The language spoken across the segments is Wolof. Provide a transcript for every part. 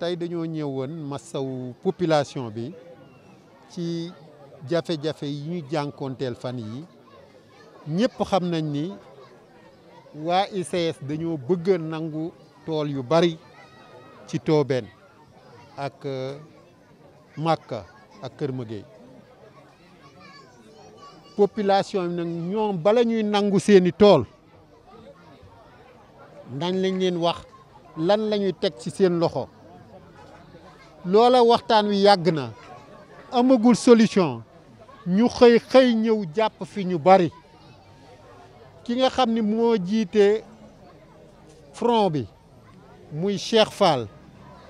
tey dañoo ñëwwoon massawu population bi ci jafe-jafe yi ñu jànkoonteel fan yi ñëpp xam nañ ni waa ICS dañoo bëgg nangu tool yu bari ci Tobène ak euh, Màkka ak Kër Mëgéey population bi nag ñoom bala ñuy nangu seeni tool ndañ lañ leen wax lan la teg ci seen loxo loola waxtaan wi yàgg na amagul solution ñu xëy xëy ñëw jàpp fi ñu bari ki nga xam ni moo jiite front bi muy Cheikh Fall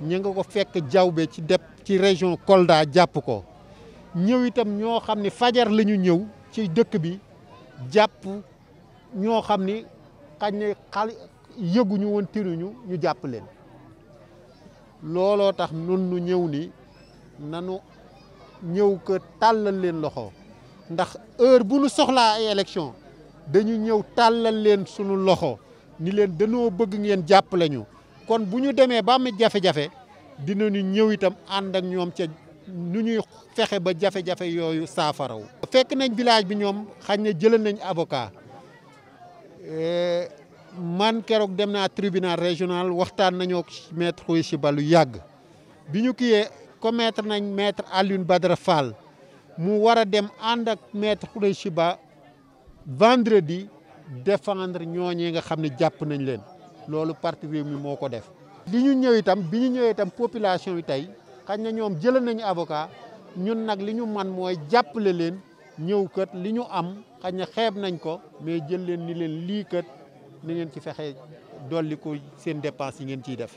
ñu nga ko fekk jawbe ci dep ci région Kolda jàpp ko ñëw itam ñoo xam ni fajar la ñu ñëw ci dëkk bi jàpp ñoo xam ni xañ ne xal yëguñu woon tiruñu ñu jàpp leen looloo tax nun nu ñëw ni nanu ñëw ko tàllal leen loxo ndax heure bu nu soxlaa ay élection dañu ñëw tàllal leen sunu loxo ni leen dañoo bëgg ngeen jàppale ñu kon bu ñu demee ba am jafe-jafe dinañu ñëw itam ànd ak ñoom ca nu ñuy fexe ba jafe-jafe yooyu saafaraw fekk nañ village bi ñoom xañ na jëlal nañ avocat eh, man keroog dem naa tribunal régional waxtaan nañoo maître xuy si ba lu yàgg bi ñu kiyee commettre nañ maître Alioune Badara Fall mu war a dem ànd ak maître xuy si ba vendredi défendre ñooñee nga xam ne jàpp nañ leen loolu parti réew mi moo ko def li ñu ñëw itam bi ñu ñëwee itam population bi tey xañ na ñoom jëlal nañu avocat ñun nag li ñu man mooy jàppale leen ñëw kët li ñu am xañ na xeeb nañ ko mais jël leen ni leen lii kët na ngeen ci fexe dolli ko seen dépense yi ngeen ciy def